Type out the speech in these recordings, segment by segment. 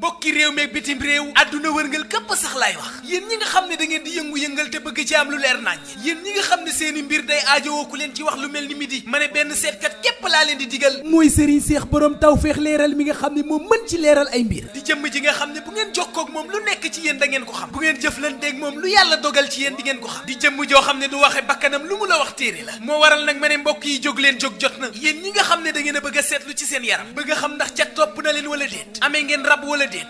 mbokk bokki réew meeg bitim réew adduna wërngal këpp sax laay wax yéen ñi nga xam ne da ngeen di yëngu-yëngal te bëgg ci am lu leer nañ yéen ñi nga xam ne seeni mbir day aajowoo ku leen ci wax lu mel ni midi ma ne benn seetkat képp laa leen di digal mooy sëriñ seex borom tawfeex leeral mi nga xam ne moom mën ci leeral ay mbir di jëm ji nga xam ne bu ngeen jokkoo ak moom lu nekk ci yéen da ngeen ko xam bu ngeen jëflanteeg moom lu yàlla dogal ci yéen di ngeen ko xam di jëmm joo xam ne du waxe bakkanam lu mu la wax téere la moo waral nag ma ne mbokk yi jóg leen jóg jot na yéen ñi nga xam ne da ngeen a ci seen yaram bëgg xam ndax ca topp na wala déet amee ngeen rab wala déet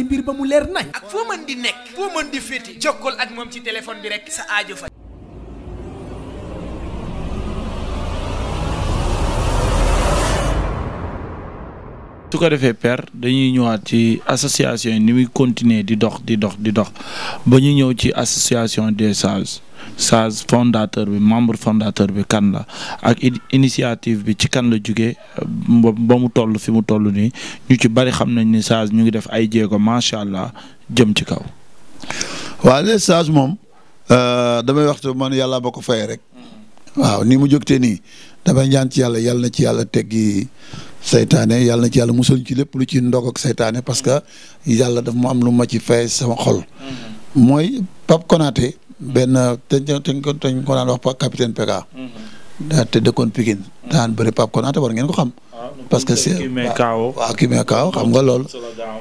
say mbir ba mu leer nañ ak foo mën di nekk di féeti jokkool ak moom ci téléphone bi rek sa aajo fa su ko defee per dañuy ñëwaat ci association yi ni muy continuer di dox di dox di dox ba ñu ñëw ci association des sages Sage fondateur bi membre fondateur bi kan la ak initiative bi ci kan la jugee ba mu toll fi mu toll nii ñu ci bari xam nañ ni Sage ñu ngi def ay jéego macha allah jëm ci kaw. waaw les Sage moom euh, damay waxtu man yàlla ba ko fayee rek. waaw ni mu jóg jógtee nii damay ñaan ci yàlla yàlla ci yàlla teggi seytaane yàlla ci yàlla musal ci lépp lu ci ndog ak seytaane parce que yàlla daf mu am lu ma ci fay sama xol. Mm-hmm. mooy Pape Konaté. benn dañ dañ ko dañ ko daan wax capitaine Peka. Mm-hmm. te dëkkoon Pikine. Mm-hmm. daan bëri Pape Konaté war ngeen ko xam. Ah, parce que c'est waaw Kimé Kaaw xam nga loolu.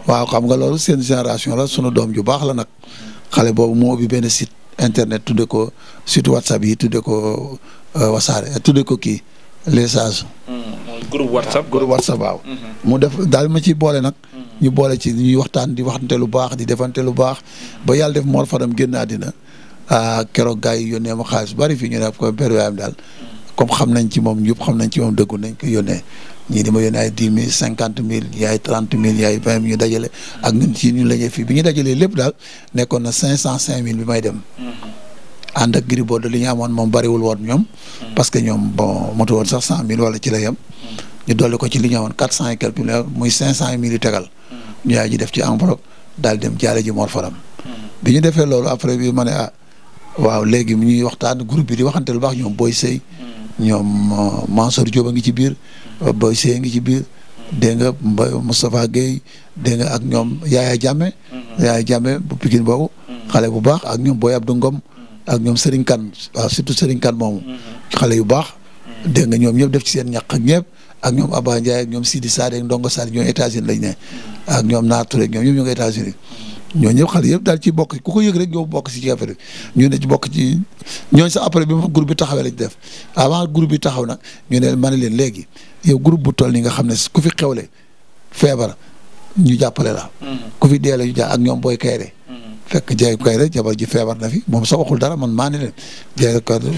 waaw xam nga lool seen génération la sunu doom ju baax la nag. Mm-hmm. xale boobu moo ubbi benn site internet tudde ko site WhatsApp yi tudde ko euh, wasaare tudde ko kii les sages. groupe WhatsApp groupe WhatsApp waaw. mu def daal ma ci boole nag. ñu boole ci ñu waxtaan di waxante lu baax di defante lu baax. ba yàlla def Mor Fadam génn àddina. Ah, keroog gars yi yónnee ma xaalis bari fi ñu ne ko père Birahim daal comme xam nañ ci moom ñëpp xam nañ ci moom dëggu nañ ko yónnee ñii di ma yónnee ay dix mille cinquante mille yaay bi ñu dajalee lépp daal nekkoon na cinq cent cinq mille bi may dem mm-hmm. ànd ak Gris Bordeaux li ñu amoon moom bariwul woon ñoom mm-hmm. parce que ñoom bon motu woon sax cent mille wala ci la yem mm-hmm. ñu dolli ko ci li ñu amoon quatre cent et quelques mille muy cinq cent mille yu tegal ñu yaay ji def ci enveloppe daal dem jaale waaw léegi mu ñuy waxtaan groupe bi di waxante lu baax ñoom Boy Sey. ñoom euh, Mansour Diop a ngi ci biir. Euh, Boy Sey a ngi ci biir. dégg nga Mbaye Moustapha Guèye dégg ak ñoom Yaaya jàmme mhm. Yaaya Jammeh bu Pikine boobu. Mhm. xale bu baax ak ñoom Boy Abdou Ngom. Mhm. ak ñoom Serigne Kane waaw surtout Serigne Kane moomu. xale yu baax. dégg nga ñoom ñëpp def ci seen ñaq ak ñëpp. ak ñoom Abba Ndiaye ak ñoom Sidi Sade ak Ndongo Sade ñoom États-Unis lañ ne. ak ñoom Naar Touré ñoom ñëpp ñu ngi états ñoo ñëpp xale yëpp daal ci bokk ku ko yëg rek ñoo bokk si ci affaire ñu ne ci bokk ci ñooñu sa après bi ma group bi taxawee lañ def avant groupe bi taxaw nag ñu ne ma ne leen léegi yow group bu toll nii nga xam ne ku fi xewle feebar ñu jàppale la. Mm-hmm. ku fi deele ñu jàpp ak ñoom booy kayre. Mm-hmm. fekk jaay kayre jabar ji feebar na fi moom sa waxul dara man maa ne leen jaay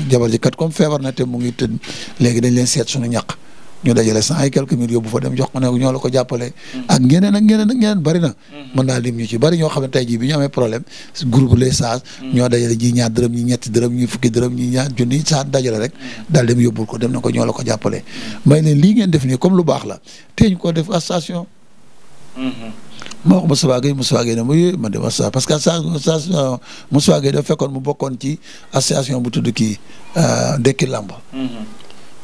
jabar ji kat comme feebar na te mu ngi tëdd léegi dañ leen seet sunu ñaq. ñu dajale cent et quelques mille yóbbu fa dem ko ne ñoo la ko jàppale. Mm-hmm. ak ñeneen ak ñeneen ak ñeneen bari na. Mm-hmm. mën naa lim ñu ci bari ñoo xam ne tey jii bi ñu amee problème groupe les sages. Mm-hmm. ñoo dajale ji ñaar dërëm ñi ñetti dërëm ñi fukki dërëm ñi ñaar junni saa dajale rek. daal dem yóbbul ko dem na ko ñoo la ko jàppale. may leen lii ngeen def nii comme lu baax la teeñ ko def association. ma wax Moussa Gueye Moussa Gueye ne ma ma dem Moussa parce que association Moussa Gueye dafa fekkoon mu bokkoon ci association bu tudd kii euh, Dekki Lamba.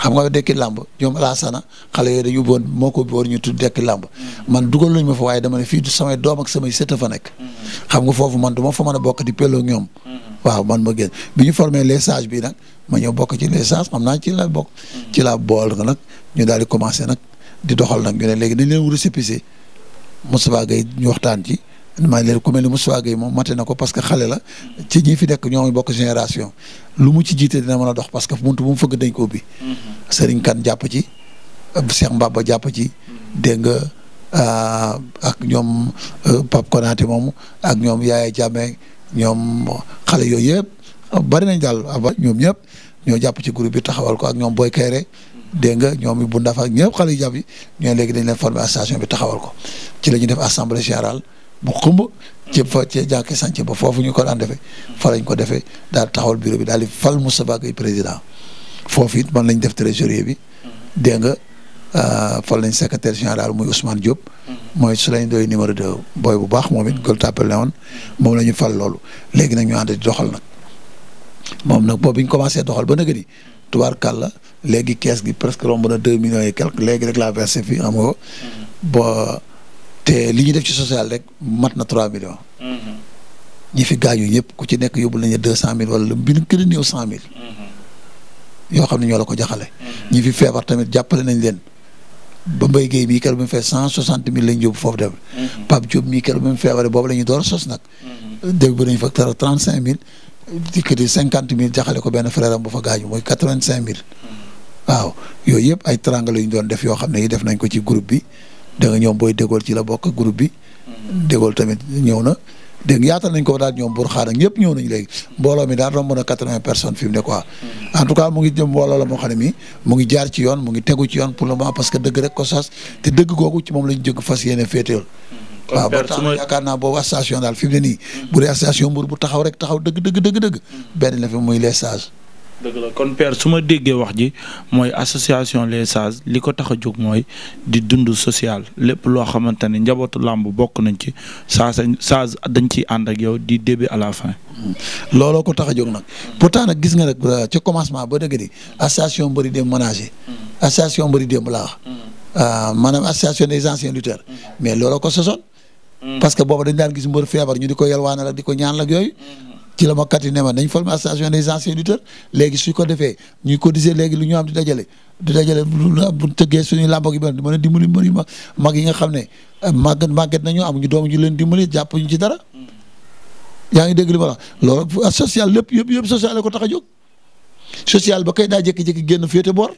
xam nga dekki làmb ñoom alaasana xale yooyu dañu boon moo ko boon ñu tudd dekki làmb man dugal nañ ma fa waaye dama ne fii du samay doom ak samay sët fa nekk xam nga foofu man du ma fa mën a bokk di peloo ñoom waaw man ma génn bi ñu formé les sages bi nag ma ñëw bokk ci les sages xam naa ci la bokk ci la bool nga nag ñu daal di commencé nag di doxal nag ñu ne léegi dañ leen war a récépissé Moustapha Gueye ñu waxtaan ci maa ngi leen ku mel ni Moustapha Gueye moom mate na ko parce que xale la ci ñi fi nekk ñoom bokk génération lu mu ci jiite dina mën a dox parce que buntu bu mu fëgg dañ ko ubbi. Mhm. Serigne Kane jàpp ci Cheikh Mbaba jàpp ci mhm. dégg nga euh, ak ñoom euh, Pape moom ak ñoom Yaya Jammeh ñoom xale yooyu yëpp bari nañ daal aba ah, ñoom ñëpp ñoo jàpp ci groupe bi taxawal ko ak ñoom Boy Kayre mhm. dégg nga ñoom bu ndafa ak ñëpp xale yu jàpp ñooy ñoo léegi dañ leen former station bi taxawal ko ci la ñuy def assemblée générale bu xumb ci fa ci jàkki sànc ba foofu ñu ko daan defee fa lañ ko defee daal taxawal bureau bi daal di fal Moustapha Gueye président foofu it man lañ def trésorier bi dégg nga euh, fal lañ secrétaire général muy Ousmane Diop mooy su lañ doy de booy bu baax moom it gol tàppale woon moom la ñu fal loolu léegi nag ñu ànd di doxal nag moom nag boobu bi ñu commencé doxal ba nag ni tubaarkàlla léegi kees gi presque romb na deux millions et quelque léegi rek laa versé fii am nga ba te li ñu def ci social rek mat na 3 millions. Mm-hmm. ñi fi gaañu ñëpp ku ci nekk yóbbu nañu deux cent mille wala lu bi ñu gën néew cent mille. Mm-hmm. yoo xam ne ñoo la ko jaxale mm-hmm. ñi fi feebar tamit jàppale nañ leen. ba Mbaye bi cent soixante mille lañ yóbbu foofu dem. Pape Diop boobu la ñu door sos nag. dégg ba nañ mille. dikkati cinquante mille jaxale ko benn frère am bu gaañu mooy quatre vingt cinq mille. waaw yooyu yëpp ay teranga la doon def yoo xam ne yi def nañ ko ci groupe bi. da nga ñoom booy dégool ci la bokk groupe bi. dégool tamit ñëw na. dégg yaatal nañ ko daal ñoom bur xaar ak ñëw nañ léegi mbooloo mi daal romb na quatre personnes fi ne quoi. Mm-hmm. en mu ngi jëm mbooloo la moo xam ne mi mu ngi jaar ci yoon mu ngi tegu ci yoon pour le moment parce que dëgg rek ko sas te dëgg googu ci moom lañ jëgg fas yéene féetewoon. Mm-hmm. waaw ba tax yaakaar naa boobu station daal fi ne nii. Mm-hmm. bu dee station Mbour dëgg la kon père su ma déggee wax ji mooy association les sages li ko tax a jóg mooy di dund social lépp loo xamante ne njabootu làmb bokk nañ ci saa sage dañ ci ànd ak yow di début à la fin. Hmm. looloo ko tax a jóg nag pourtant nag gis nga rek euh, ci commencement ba dëgg di association mbëri démb ménager. Hmm. association mbëri démb laa wax. Hmm. Euh, maanaam association des anciens lutteurs. mais looloo ko sosoon. parce que boobu dañ daan gis mbër feebar ñu di ko yalwaanal ak di ko ñaan la yooyu. ci la ma kati ne ma nañ former association des anciens lutteurs léegi suñ ko defee ñuy cotiser léegi lu ñu am di dajale di dajale bu tëggee suñuy làmb gi di mën a dimbali mbër yu mag mag yi nga xam ne eh, màggat màggat nañu am doom ñu leen dimbali jàpp ñu ci dara. yaa ngi dégg li ma la loolu social lépp yëpp yëpp social la ko tax a jóg social ba kay daa jékki-jékki génn féete boor.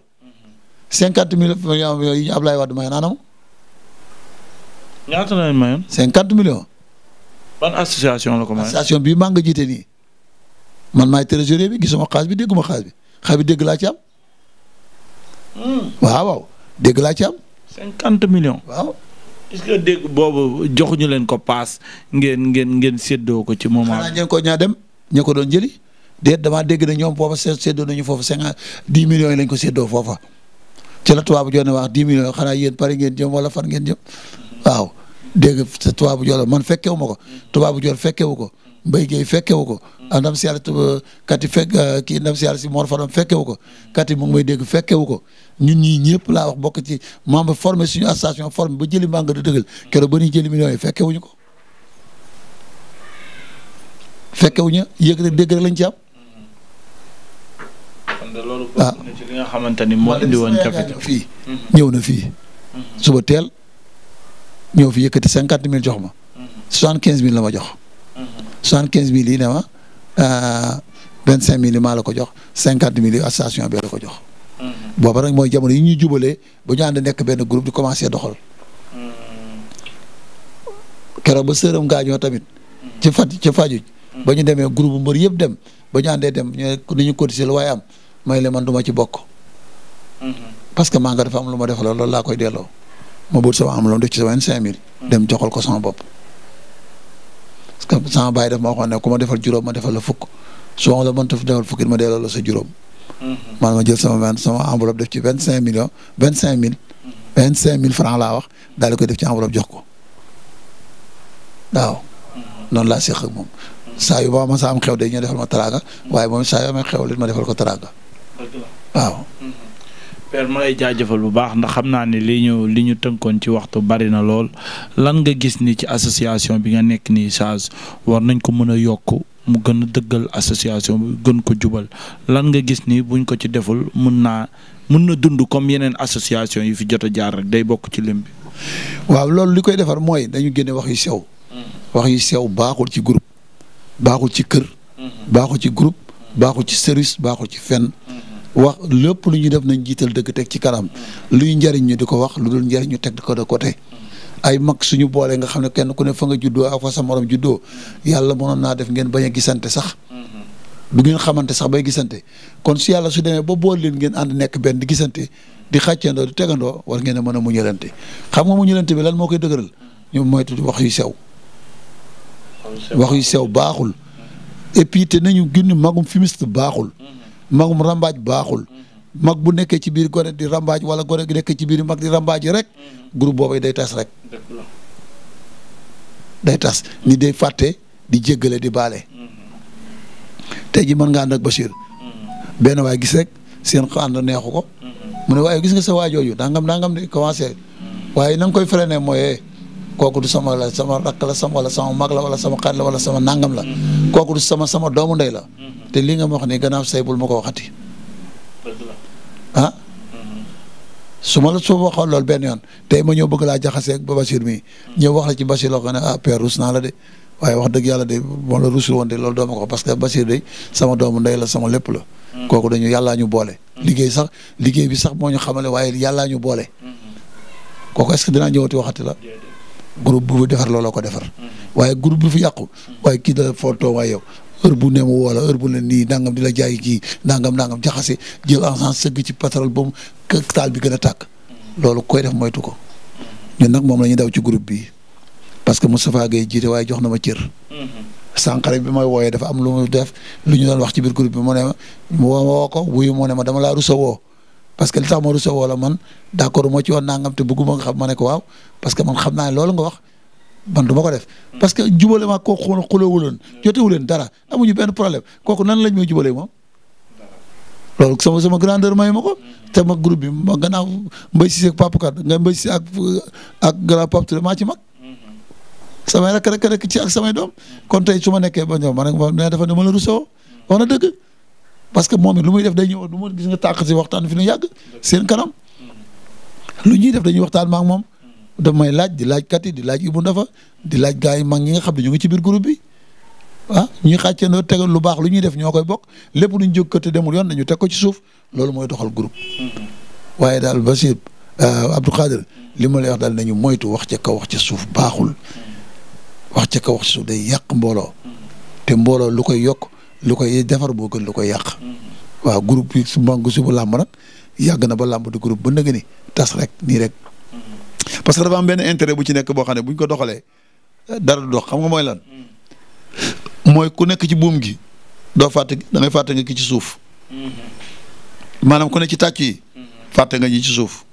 cinquante mille millions yooyu Ablaye Wade mayoon anam. ñaata lañ mayoon. cinquante millions. ban association la ko association bii maa nga jiite nii man maay trésorier bi gisuma xaalis bi dégguma xaalis bi xaalis bi dégg laa ci am. Hmm. waaw dégg laa ci am. cinquante millions. waaw. est-ce que dégg boobu leen ko paas ngeen ngeen ngeen séddoo ko ci moom xanaa ngeen ko ñaa dem ña ko doon jëli déet damaa dégg na ñoom foofa séddoo nañu foofa cinquante dix million yi lañ ko seddoo foofa ci la tubaab bu joxe wax dix millions xanaa yéen pare ngeen jëm wala fan ngeen jëm waaw. dégg nga tubaabu joor man fekkewu ma ko mm. tubaabu joor fekkewu ko mm. mbay géey fekkewu ko mm. ndam si yàlla kati euh, kii ndam si yàlla si Mor Fadam fekkewu ko kati mu ngi dégg fekkewu ko ñun ñii ñëpp laa wax bokk ci membre formé suñu association formé ba jëli mànga di dëggal keroog ba ñuy jëli millions yi fekkewuñu ko fekkewuñu dégg rek lañ ci am loolu ah. bokk na ci li nga xamante ni moo indi woon jafe ñëw na fii suba teel ñëw fi yëkkati cinquante mille jox ma. Mm-hmm. soixante quinze mille la ma jox. Mm-hmm. soixante quinze mille yi ne ma euh, vingt cinq mille yi maa la ko jox cinquante mil yi association bi la ko jox. Mm-hmm. booba nag mooy jamono yi ñuy jubalee ba ñu ànd nekk benn groupe di commencé doxal. keroog ba sëram gaañoo tamit. ci fat ci fajuj ba ñu demee groupe bu mbër yëpp dem ba ñu àndee dem ñu ni ñu cotisé lu waaye am may le man duma ci bokk. parce que maa nga dafa am lu ma def loolu laa koy delloo. ma buut sama am loon def ci vingt cinq mille dem joxal ko sama bopp parce que sama baay daf ma waxoon ne ku ma defal juróom ma defal la fukk su ma la mënta defal fukk it ma delloo la sa juróom mm-hmm. man ma jël sama vingt sama enveloppe def ci vingt cinq millions vingt cinq mille mm-hmm. vingt cinq mille francs laa wax daal di koy def ci enveloppe jox ko waaw mm-hmm. noonu laa séq ak moom saa yu ma ma saa am xew dañuy defal ma taraanga waaye moom saa yu amee xew lit ma defal ko taraanga waaw père ma lay jaajafal bu baax ndax xam naa ne li ñu li ñu tënkoon ci waxtu bari na lool lan nga gis ni ci association bi nga nekk nii Change war nañ ko mën a yokk mu gën a dëggal association bi gën ko jubal lan nga gis ni buñ ko ci deful mën naa mën na dund comme yeneen association yi fi jot a jaar rek day bokk ci lim bi. waaw lool li koy defar mooy dañu génne wax yu sew. Mm. wax yu sew baaxul ci groupe. baaxul ci kër. Mm-hmm. baaxul ci groupe. baaxul ci service baaxul ci fenn. Mm. wax lépp lu ñuy def nañ jiital dëgg teg ci kanam luy njariñ ñu di ko wax lu dul njëriñ ñu teg ko de côté. ay mag su ñu boolee nga xam ne kenn ku ne fa nga juddoo a fa sa morom juddoo yàlla mënoon naa def ngeen bañ a gisante sax. du ngeen xamante sax bay gisante kon su yàlla su demee ba boole leen ngeen ànd nekk benn di gisante di xàccandoo di tegandoo war ngeen a mën a muñalante xam nga muñalante bi lan moo koy dëgëral ñu moytu wax yu sew. wax yu sew baaxul. et puis te nañu gën baaxul. magum rambaaj baaxul mm-hmm. mag bu nekkee ci biir gone di rambaaj wala gone gi nekk ci biir mag di rambaaj rek mm-hmm. groupe boobay day tas rek day tas ni day fàtte di jéggale di baale mm-hmm. tey ji mën nga ànd ak Bachir benn waay gis rek seen ànd neexu ko mu ne waaye gis nga sa waajooju nangam nangam di commencé waaye na koy freiné mooy kooku du sama la sama rakk la sama wala sama mag la wala sama xarit la wala sama nangam la kooku du sama sama doomu ndey la mm-hmm. te lii nga ma wax nii gannaaw say bul ma ko waxati ah mm-hmm. su la su ma waxoon benn yoon tey ma ñëw bëgg laa jaxasee ak ba Bachir mii mm-hmm. ñëw wax la ci Bachir xam ne ah père la de waaye wax dëgg yàlla de moom la rusul woon de loolu dooma ko parce que Bachir de sama doomu ndey la sama lépp la kooku dañu yàllaa ñu boole liggéey sax liggéey bi sax moo ñu xamale waaye yàllaa ñu boole kooku est-ce ñëwati waxati la groupe bu defar looloo ko defar. waaye groupe bu fi yàqu. waaye kii da footoo waaye yow heure bu ne mu woo heure bu ne nii nangam di la jaay kii nangam nangam jaxase jël encens sëgg ci pétrole ba mu taal bi gën a tàkk. loolu koy def moytu ko. ñun nag moom la ñuy daw ci groupe bi parce que Moustapha Gueye jiite waaye jox na ma cër. sànqare bi may wooyee dafa am lu mu def lu ñu doon wax ci biir groupe bi mu ne ma woo ko wuyu moo ne ma dama laa rusa parce que li tax ma recevoir la man d' moo ci woon nangam te bëgguma nga xam ma ne ko waaw parce que man xam naa ne nga wax man du ma ko def. parce que jubale ma kooku xool xooloo jotewu leen dara amuñu benn problème kooku nan lañ may jubalee moom. loolu sama sama grandeur ma ko. te ma group bi ma gannaaw Mbaye Cissé ak Papa Kane nga Mbaye Cissé ak ak grand Pape ci mag. samay rek rek rek ci ak samay doom. kon tey su ma nekkee ba ñoom ma ne ma dafa ne ma la rusoo wax na dëgg. parce que moom it lu muy def day ñëw du ma gis nga tàq si waxtaan fi ñu yàgg seen kanam lu ñuy def dañuy waxtaan maak moom daf may laaj di laaj kat yi di laaj Ibou Ndafa di laaj gars yi mag ñi nga xam ne ñu ngi ci biir groupe bi ah ñuy xàccandoo tegal lu baax lu ñuy def ñoo koy bokk lépp luñ jóg te demul yoon dañu teg ko ci suuf loolu mooy doxal groupe. waaye daal Bachir euh, Abdou Khadir li ma lay wax daal nañu moytu wax ca kaw wax ci suuf baaxul wax ca kaw wax ca suuf day yàq mbooloo te mbooloo lu koy yokk. lu koy defar boo gën lu koy yàq. waaw groupe bi su mag suba làmb nag yàgg na ba làmb di ba nag ni tas rek nii rek. parce que dafa am benn intérêt bu ci nekk boo xam ne bu ñu ko doxalee dara du dox xam nga mooy lan. mooy ku nekk ci buum gi doo fàtte da ngay nga ki ci suuf. maanaam ku ne ci tàcc yi. fàtte nga ñi ci suuf.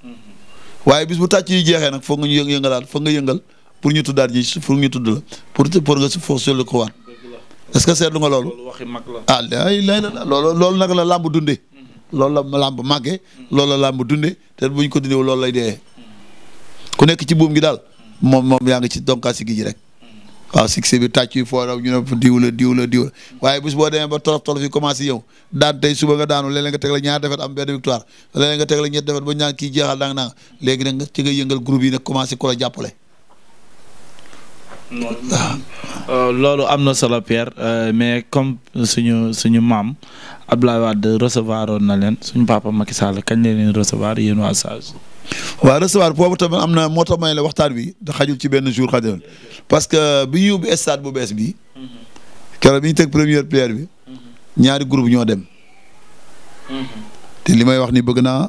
waaye bis bu tàcc yi jeexee nag foog nga ñu yëng yëngalaat foog nga yëngal pour ñu tuddaat ñi pour ñu tudd la pour pour nga si foofu seetlu ko waat. est-ce que seetlu nga loolu. loolu waxi mag la ah lay loolu nag la làmb dundee. loolu la làmb màggee. loolu la làmb dundee te buñ ko dundee loolu lay dee. ku nekk ci buum gi daal moom moom yaa ngi ci donkaasi gi ji rek. waaw succès bi tàcc yi foo raw ñu ne diw la diw la diw waaye bis boo demee ba tolof tolof yi commencé yow daan tey suba nga daanu léeg-léeg nga teg la ñaar defet am benn victoire léeg-léeg nga teg la ñett defet ba ñaan kii jeexal dang nang léegi nag nga yëngal groupe yi nag commencé ko jàppale waaw euh, loolu am na solo Pierre euh, mais comme suñu suñu maam Abdoulaye Wade recevoir woon na leen suñu papa Macky Sall kañ la leen recevoir yéen waa Sage. waa recevoir boobu tamit am na moo tax may la waxtaan bi da xajul ci benn jour xajul parce que bi ñu ubbi stade bu bees bi mhm. keroog bi ñu teg première pierre bi mhm. ñaari groupe ñoo dem. Mhm. te li may wax ni bëgg naa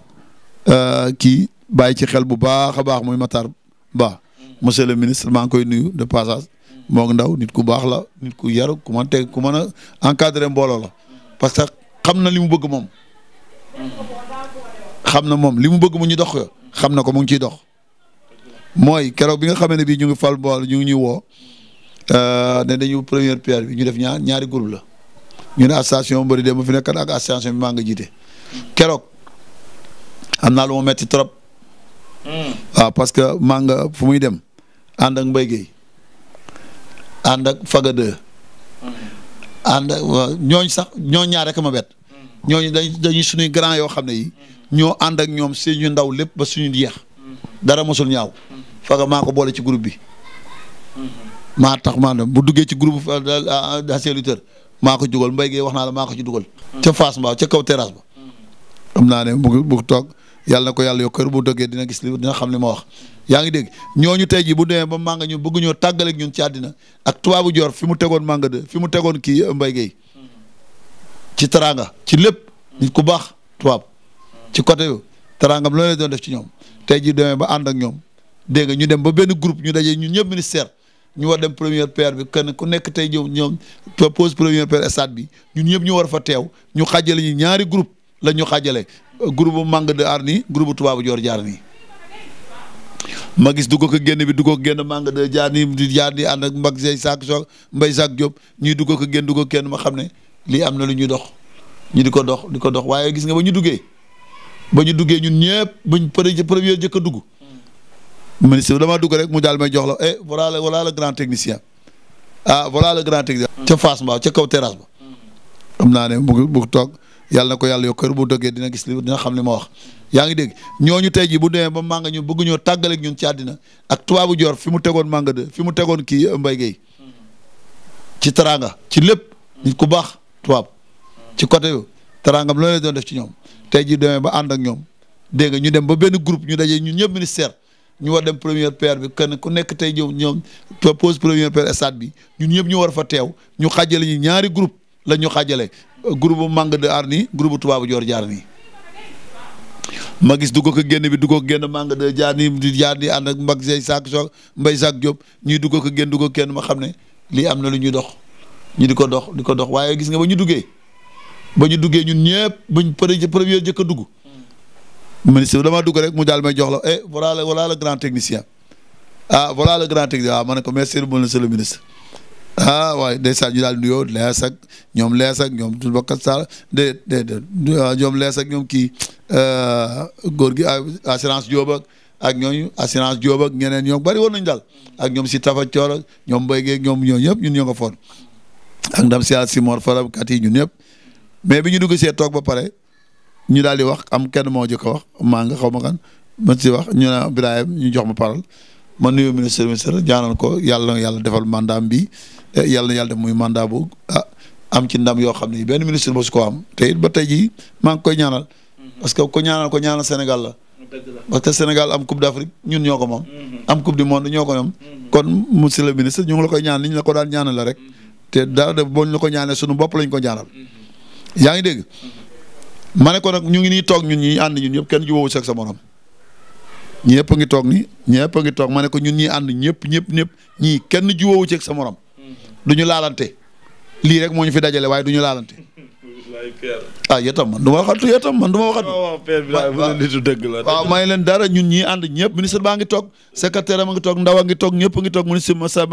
euh, kii bàyyi ci xel bu baax a baax muy Matar Ba. monsieur le ministre maa ngi koy nuyu de passage moog ndaw nit ku baax la nit ku yaru ku mën teg ku mën a encadrer mbooloo la parce que xam na li mu bëgg moom. xam na moom li mu bëgg mu ñu dox ko xam na ko mu ngi ciy dox. mooy keroog bi nga xamee ne bii ñu ngi fal mbool ñu ngi ñuy woo euh, ne dañu première pierre bi ñu def ñaar ñaari groupe la ñu ne association mbëri de ma fi nekkat ak association bi maa nga jiite. keroog am naa lu ma metti trop. Hmm. waaw parce que maa nga fu muy dem. ànd ak Mbaye Guèye ànd ak Faga ñooñ sax ñoo ñaar rek ma bet ñooñu dañ dañuy suñuy grand yoo xam ne yi ñoo ànd ak ñoom suñu ndaw lépp ba suñu yeex dara mosul ñaaw Faga maa ko boole ci groupe bi maa tax maa dem bu duggee ci groupe euh, euh, euh, d'anciens lutteurs maa ko jugal Mbaye Guèye wax naa la maa ko ci dugal ca Fass Mbao ca kaw terrasse ba xam naa ne mu toog yàlla na ko yàlla yokk kër bu dogee dina gis li dina xam li ma wax yaa ngi dégg ñooñu tey ji bu demee ba manga ñu bëgg ñoo tàggaleeg ñun ci àddina ak tubaabu joor fi mu tegoon mànga de fi mu tegoon kii Mbaye Guèye ci teraanga ci lépp ku baax tubaab ci côté yu teraangam loolu lay doon def ci ñoom tey ji demee ba ànd ak ñoom dégg nga ñu dem ba benn groupe ñu daje ñun ñëpp ministère ñu war dem première paire bi kenn ku nekk tey ñoom ñoom pose première paire stade bi ñun ñëpp ñu war fa teew ñu xàjjale ñu ñaari groupe la ñu xàjjale groupe Manga de aar nii groupe tubaabu joor ma gis dugg ko génn bi dugg ko génn Manga de jaar nii di jaar nii ànd ak mbag say saak soog ñuy dugg ko génn dugg ko kenn ma xam ne lii am na lu ñuy dox ñu di ko dox di ko dox waaye gis nga ba ñu duggee ba ñu duggee ñun ñëpp buñ premier jëkk dugg. ministre bi dugg rek mu daal may jox la eh voilà le voilà le grand technicien ah, ca Fass Mbao ca kaw terrasse ba. xam naa ne toog. yàlla na ko yàlla yokk kër bu dëggee dina gis li dina xam li ma wax yaa ngi dégg ñooñu tey jii bu demee ba mànga ñu bëgg ñoo tàggale ak ñun ci àddina ak tubaabu joor fi mu tegoon mànga de fi mu tegoon kii Mbaye Guèye ci teraanga ci lépp ku baax tubaab ci côté yu teraangam loolu doon def ci ñoom tey jii demee ba ànd ak ñoom dégg nga ñu dem ba benn groupe ñu daje ñun ñëpp ministère ñu war dem première paire bi kenn ku nekk tey ñoom ñoom pose première paire bi ñun ñëpp ñu war fa teew ñu xàjjale ñu ñaari groupe la ñu xaajale groupe Manga de aar nii groupe tubaabu joor jaar nii. ma gis du ko ko génn bi du ko génn Manga de jaar nii di jaar di mbag say saak soog mbay saak Diop ñuy du ko ko génn du ko kenn ma xam ne lii am na lu ñuy dox ñu di ko dox di ko dox waaye gis nga ba ñu duggee ba ñu duggee ñun ñëpp buñ premier jëkk a dugg. ministre bi damaa dugg rek mu daal ma jox la eh voilà le voilà le grand technicien ah voilà le grand technicien waaw ah, ma ne ko merci monsieur le ah waaye ndeysaan ñu daal di nuyoo lees ak ñoom lees ak ñoom du bokkat ah, saal déedéet déedéet ñoom lees ak ñoom kii euh, góor gi ah, assurance Diop ak ak ñooñu assurance Diop ak ñeneen ñoo bari woon nañu daal ak ñoom si Tafa Coor ak ñoom Mbaye Guèye ñoom ñoo ñëpp ñun ñoo nga foon ak ndam si si Mor Faram kat yi ñun ñëpp mais bi ñu dugg see toog ba pare ñu daal di wax am kenn moo jëkk a wax maa nga xaw ma kan man si wax ñu ne Birahim ñu jox ma parole ma nuyu ministre ministre ñaanal ko yàlla yàlla defal mandaam bi Eh, yàlla na yàlla def muy mandaa bu ah am ci ndam yoo xam ne benn ministre mosu ko am te it ba tey jii maa ngi koy ñaanal. Mhm. parce que ko ñaanal ko ñaanal senegal la. parce que Sénégal am coupe d'Afrique ñun ñoo ko moom. Mhm. am coupe du monde ñoo ko moom. Mhm. kon monsieur le ministre ñu ngi la koy ñaan ni ñu ko daan ñaanal la rek. te daal de boo ñu la ko ñaanee sunu bopp lañ ko ñaanal. yaa ngi dégg. ma ne nag ñu ngi nii toog ñun ñii ànd ñun ñëpp kenn ji si ak sa morom. ñu a ngi toog nii ngi toog ma ne ko ñun ñii ànd ñëpp ñëpp ñëpp ñii kenn jubóowu ci ak sa morom. du ñu laalante lii rek moo ñu fi dajale waaye du ñu laalante. ah yow du ma waxatu yow tam man du ma waxatu. Oh, waaw maa leen dara ñu ñii ànd ñëpp ministre baa ngi toog secrétaire am a ngi toog ndaw a ngi toog ñëpp a ngi toog ministre Moussa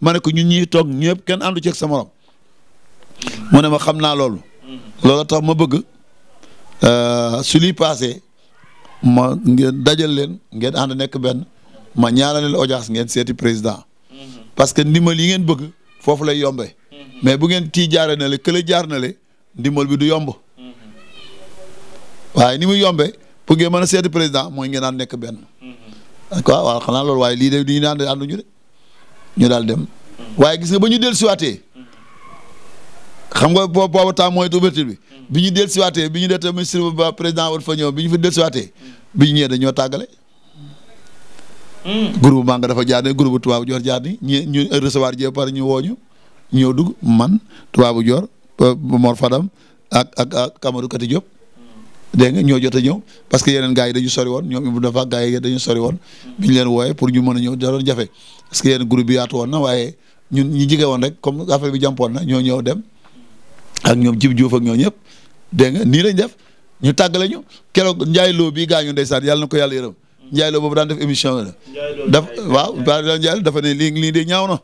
ma ne ko ñun ñii toog ñëpp kenn àndu ceeg sa morom mu ne ma xam naa loolu. loolu tax ma bëgg euh, su lii paasee ma ngeen dajal leen ngeen ànd nekk benn ma ñaanal leen audience ngeen seeti président parce que ndimbal yi ngeen bëgg foofu lay yombee mais bu ngeen tii jaaree na le kële jaar na le ndimbal bi du yomb waaye ni muy yombee pour ngeen mën a seeti président mooy ngeen naan nekk benn. quoi waaw xanaa loolu waaye lii de du ñu naan ànduñu de ñu daal dem. waaye gis nga ba ñu dellusiwaatee. xam nga boobu boobu temps mooy ouverture bi. bi ñu dellusiwaatee bi ñu def tamit ministre bi ñu fa dellusiwaatee. bi ñu ñëwee dañoo tàggale. groupe Manga dafa jaar ne groupe tubaabu joor jaar ni ñu ñu recevoir jéem par ñëw dugg man tubaabu joor euh, Mor Fadam ak ak ak Kamadou Kati Diop. dégg nga ñoo jot ñëw parce que yeneen gars yi dañu sori woon ñoom Ibou Dafa gars yi woon. bi ñu leen wooyee pour ñu a ñëw da doon que yeneen groupe bi yaatu woon na waaye ñun ñi jige woon rek comme affaire bi jàmpoon na ñoo ñëw dem. ak ñoom jib juuf ak ñoo ñëpp dégg nga nii lañ def ñu tàggale ñu keroog njaay loo bii gaañu saan yàlla na ko yàlla yërëm Ndiaye Lo boobu daan def émission la. dafa waaw Baara dafa ne lii lii de ñaaw na.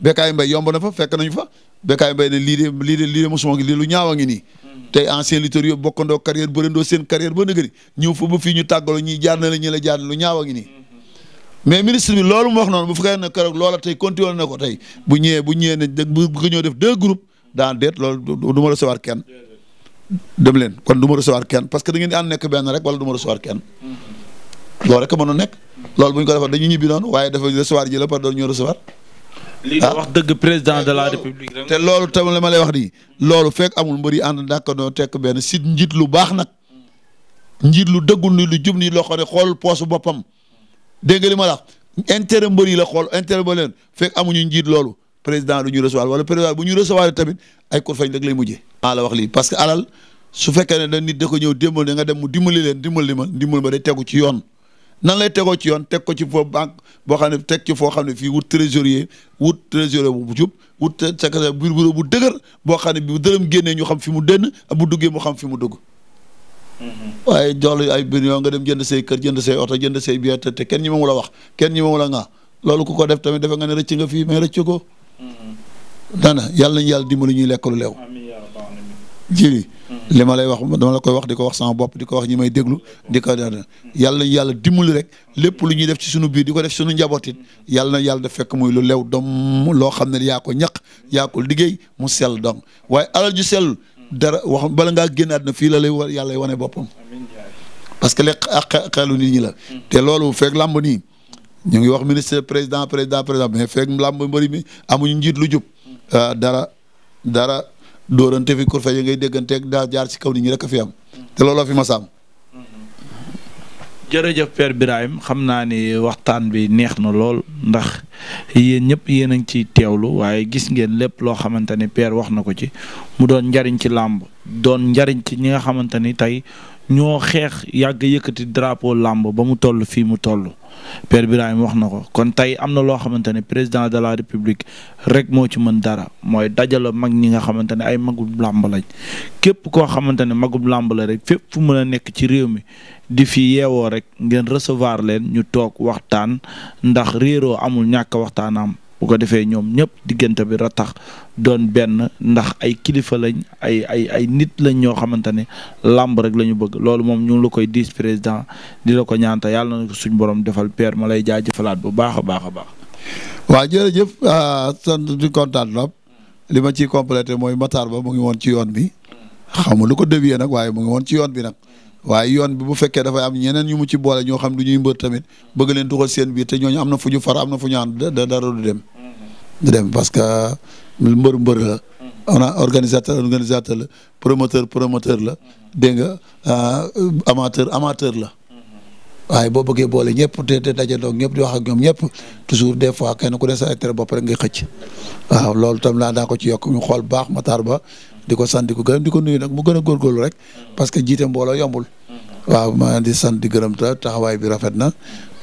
Bécaye Mbaye yomb fa fekk nañu fa Bécaye Mbaye ne lii de lii de lii de mosuma lu ñaaw a ngi ni tey ancien lutteur yëpp bokkandoo carrière bërendoo seen carrière ba nëgëri ñëw fa ba fii ñu tàggaloo ñii jaar na la ñii la jaar lu ñaaw a ngi nii. mais ministre bi loolu mu wax noonu bu fekkee ne keroog loola tey continué na ko tey bu ñëwee bu ñëwee ne bu bu ñëw def deux groupes daan déet loolu du ma recevoir kenn. dem leen kon que da ngeen di ànd nekk benn rek wala du loolu rek a mënu nekk loolu bu ñu ko defoon dañuy ñibbi noonu waaye dafa recevoir ji la par doon ñu recevoir. lii nga ah. wax dëgg président de la république. te loolu tam la ma lay wax nii loolu fekk amul mbër yi ànd ndàkkandoo tek benn si njiit lu baax nag njiit lu dëggul ni lu jub nii loo xam ne xool poosu boppam dégg nga li ma la wax intérêt yi la xool intere ba leen fekk amuñu njiit loolu président du ñu recevoir wala président bu ñu recevoir tamit ay kur fañ rek lay mujjee. maa la wax lii parce que alal su fekkee ne da nit da ko ñëw dimbali nga dem mu dimbali leen dimbali ma dimbali ma day tegu ci yoon. nan lay tegoo ci yoon teg ko ci foofu banque boo xam ne teg ci foo xam ne fii wut trésorier wut trésorier bu jub wut secrétaire biir bureau bu dëgër boo xam ne bu dërëm génnee ñu xam fi mu dënn bu duggee mu xam fi mu dugg. Mm-hmm. waaye jox la ay biir yoo nga dem jënd say kër jënd say oto jënd say biir te kenn ñi moomu la wax kenn ñi moomu la nga loolu ku ko def tamit defe nga ne rëcc nga fii mais rëcc ko. Mm-hmm. dana yàlla nañu yàlla dimbali ñuy lekk lu leew. Mm-hmm. li ma lay wax dama la koy wax di ko wax sama bopp di ko wax ñi may déglu di ko mm-hmm. yàlla yàlla dimbali rek lépp lu ñuy def ci sunu biir di ko def sunu njaboot it mm-hmm. yàlla na yàlla da fekk muy lu lew doom loo xam ne yaa ko ñaq yaa ko liggéey mu sel doom waaye alal ju sell dara wax bala ngaa génnaat na fii la lay war yàlla wane boppam. parce que léegi xelu nit ñi la. te loolu fekk làmb nii ñu ngi wax ministre président président président mais fekk làmb mbëri mi amuñu njiit lu jub euh, dara dara. dóorante fi kurfe yi ngay dégganteeg daa jaar ci kaw nit ñu rek a fi am te looloo fi ma saam jërëjëf per Birahim xam naa ni waxtaan bi neex na lool ndax yéen ñëpp yéen a ngi ciy teewlu waaye gis ngeen lépp loo xamante ni Père wax na ko ci mu doon njariñ ci làmb doon njariñ ci ñi nga xamante ni tey ñoo xeex yàgg yëkkati drapo làmb ba mu toll fii mu toll Père Birahim wax na ko kon tey am na loo xamante ne président de la république rek moo ci mën dara mooy dajale mag ñi nga xamante ne ay magum làmb lañ képp koo xamante ne magub làmb rek fépp fu mën a nekk ci réew mi di fi yeewoo rek ngeen recevoir leen ñu toog waxtaan ndax réeroo amul ñàkk waxtaan am bu ko defee ñoom ñëpp diggante bi ratax doon benn ndax ay kilifa lañ ay ay ay nit lañ ñoo xamante ne làmb rek la ñu bëgg loolu moom ñu lu koy diis président di la ko ñaanta yàlla na ko suñ borom defal peer ma lay jaajëfalaat bu baax a baax a baax. waaw jërëjëf ah, sant di kontaan lool li ma ciy complété mooy Matar ba mu ngi woon ci yoon bi xam nga lu ko dévier nag waaye mu ngi ci yoon bi nag waaye yoon bi bu fekkee dafay am ñeneen ñu mu ci boole ñoo xam du ñuy mbër tamit bëgg leen dugal seen biir te ñooñu am na fu ñu far am na fu ñu ànd dara du dem. du dem parce que mbër mbër la. Mm-hmm. on a organisateur organisateur la promoteur promoteur la mm-hmm. dégg nga euh, amateur amateur la. Mm-hmm. waaye boo bëggee boole ñëpp te te dajandoog ñëpp di wax ñoom ñëpp toujours de fois kenn ku ne sa intérêt bopp rek ngay xëcc waaw loolu tam laa daa ko ci yokk ñu xool baax ma Matar Ba di ko sant di ko gërëm di ko nuyu nag mu gën a góorgóorlu rek parce que jiite mbooloo yombul waaw ma di sant di gërëm taxawaay bi rafet na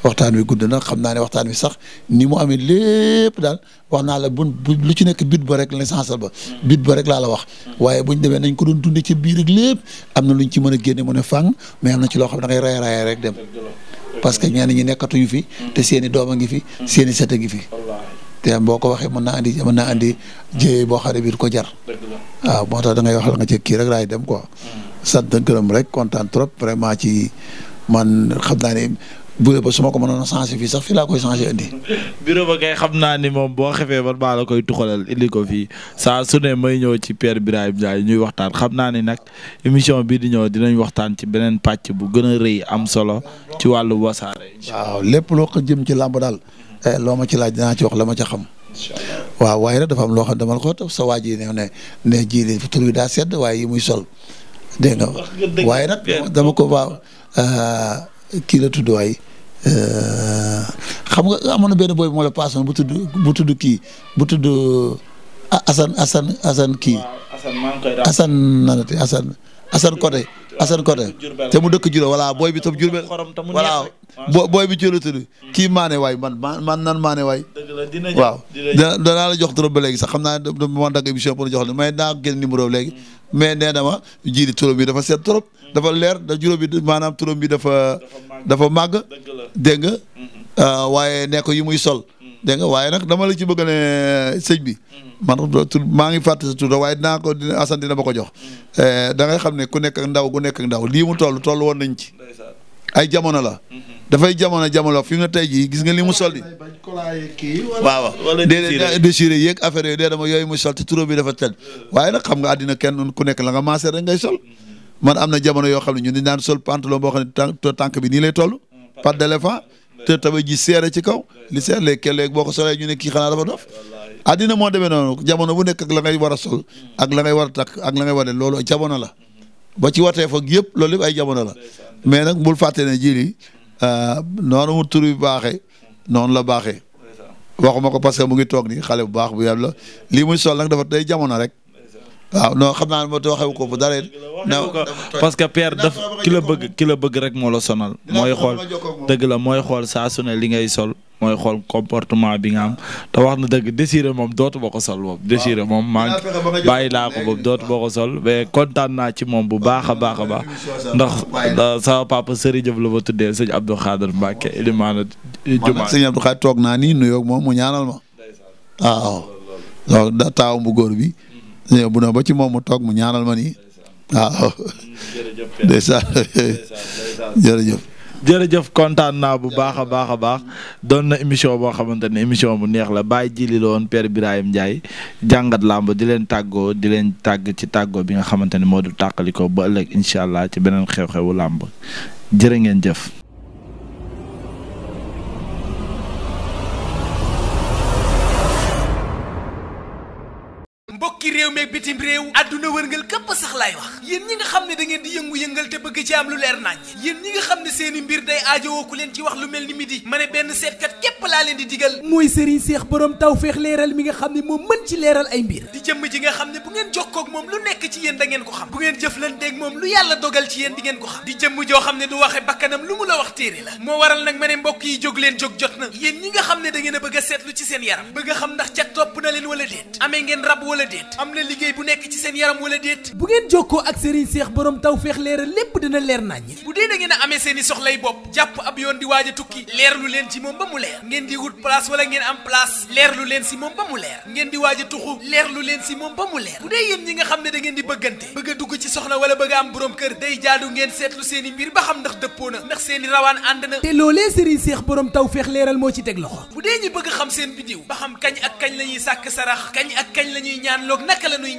waxtaan wi gudd na xam naa ne waxtaan wi sax ni mu amee lépp daal wax naa la bu lu ci nekk biit ba rek la l'essentiel ba biit ba rek laa la wax waaye buñ demee nañ ko doon dundee ci biir ak lépp am na ñu ci mën a génne mën a fàng mais na ci loo xam ne da ngay rek dem parce que ñenn ñi nekkatuñu fi te seen i doom a ngi fi seen set ngi fi te boo ko waxee mën naa andi mën naa andi jéey boo xam ne ko jar waaw moo tax da ngay wax la nga ci kii rek laay dem quoi mm. sant gërëm rek kontaan trop vraiment ci man xam naa ne bureau ba su ma ko mënoon a changé fii sax fi laa koy changé indi. bureau ba xam naa ni moom boo xefee ba maa la koy tuxalal indi ko fii saa su ne may ñëw ci Père Birahim Ndiaye ñuy waxtaan xam naa ni nag émission bii di ñëw dinañ waxtaan ci beneen pàcc bu gën a rëy am solo ci wàllu wasaare. waaw lépp loo ko jëm ci làmb daal eh, loo ma ci laaj dinaa ci wax la ma ca xam. waaw waaye nag dafa am loo xam ne dama ko sa waa ji ne ne ne ji li tur bi daa sedd waaye muy sol. dégg nga waaye nag dama ko waaw eh, la tudd Euh, xam nga amoon na benn booy bu ma la bu tudd bu tudd kii bu tudd ah, Assane Assane Assane kii. Assane maa ngi koy Assane Assane Kote Assane Kote te mu dëkk Diourbel voilà booy bi tam Diourbel voilà bo booy bi Diourbel tudd kii maane waay man man nan maane waay. waaw danaa la jox trop ba léegi sax xam naa ne dama dagg émission pour jox la may naa génn numéro léegi. mais nee na ma jiiri turam bi dafa seet trop. dafa leer da juróom bi maanaam turam bi dafa. dafa màgg dégg nga. Ah, waaye nekk yi muy sol. dégg waaye nag dama la ci bëgg ne sëñ bi. Mm. man tur maa ngi fàtte sa tur waaye dinaa ko dina Assane dina ma ko jox. Mm. Eh, da ngay xam ne ku nekk ndaw ku nekk ndaw lii mu toll toll woon nañ ci. ay jamono la. dafay jamono jamono fi mu tey jii gis nga li mu sol. waaw wala déchiré déchiré yeeg affaire yooyu dee dama yooyu mu sol ci turam bi dafa tëj. waaye nag xam nga àddina kenn ku nekk la nga maasee rek ngay sol. man am na jamono yoo xam ne ñu di naan sol pantalon boo xam ne tànk bi nii lay toll. Hmm, patte d'éléphant hmm. te tamit ji seere ci kaw. li seere léegi kenn léegi boo ko solee ñu ne kii xanaa dafa dof. àddina moo deme noonu jamono bu nekk ak la ngay war a sol. ak la ngay war a takk ak la ngay war a jamono la. ba ci watee foog yëpp loolu yëpp ay jamono la mais nag bul fàtte ne jili euh, noonu mu tur bi baaxee noonu la baaxee waxuma ko parce que mu ngi toog ni xale bu baax bu yàlla lii muy sol nag dafa day jamono rek waaw noo xam naa ne moo tax waxewu ko bu dara parce que père daf ki bëgg ki bëgg rek moo la sonal mooy xool dëgg la mooy xool saa su ne li ngay sol mooy xool comportement bi nga am te wax na dëgg désiré moom dootu boo ko sol boobu désiré moom maa bàyyi laa ko boobu dootu boo ko sol mais kontaan naa ci moom bu baax a baax a ndax euh, sama papa Serigne Diop la ma tuddee sëñ Abdou Khader Mbacke ilimaana jumaa sëñ Abdou toog naa nii nuyoog moom mu ñaanal ma waaw da taawam bu góor bi mm-hmm. bu na ba ci moom mu toog mu ñaanal ma nii waaw mm-hmm. jërëjëf kontaan naa bu baax a baax a baax doon na émission boo xamante ne émission bu neex la bàyyi jili la woon Père Birahim Ndiaye jàngat làmb di leen tàggoo di leen tàgg ci tàggoo bi nga xamante ne moo du tàqalikoo ba ëllëg incha allah ci beneen xew-xewu làmb jërë ngeen jëf. bitim réew adduna wërngal këpp sax laay wax yéen ñi nga xam ne da di yëngu-yëngal te bëgg ci am lu leer nañ yéen ñi nga xam ne seeni mbir day aajowoo ku leen ci wax lu mel ni midi ma ne benn seetkat képp laa leen di digal mooy Serigne Seex borom tawfeex leeral mi nga xam ne moom mën ci leeral ay mbir di jëmm ji nga xam ne bu ngeen jokkoo ak moom lu nekk ci yéen da ngeen ko xam bu ngeen jëflanteeg moom lu yàlla dogal ci yéen di ngeen ko xam di jëmm joo xam ne du waxe bakkanam lu mu la wax téere la moo waral nag ma ne mbokk yi leen jóg jot na yéen ñi nga xam ne da ngeen a bëgg a ci seen yaram bëgg a xam ndax ca na leen wala déet amee ngeen rab wala déet am liggéey bu nekk ci seen yaram wala déet bu ngeen jokkoo ak Serigne Cheikh borom tawféex leeral lépp dina leer naññ bu dee da ngeen a amee seen i soxlay bopp jàpp ab yoon di waaj tukki leer leen ci moom ba mu leer ngeen di wut place wala ngeen am place leer lu leen si moom ba mu leer ngeen di waaja a tuxu leer lu leen si moom ba mu leer bu dee yéen ñi nga xam ne dangeen di bëggante bëgg a dugg ci soxna wala bëgg a am borom kër day jaadu ngeen seetlu seen i mbir ba xam ndax dëppoo na ndax seen rawaan ànd na te loolee Serigne Cheikh borom tawféex leeral moo ci teg loxo dee ñi bëgg xam seen bidiw ba xam kañ ak kañ la ñuy sàkk sarax kañ ak kañ la ñuy ñaan naka la ñuy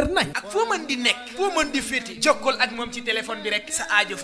leer nañ ak foo mën di nekk foo mën di féete jokkool ak moom ci téléphone bi rek sa aajo fa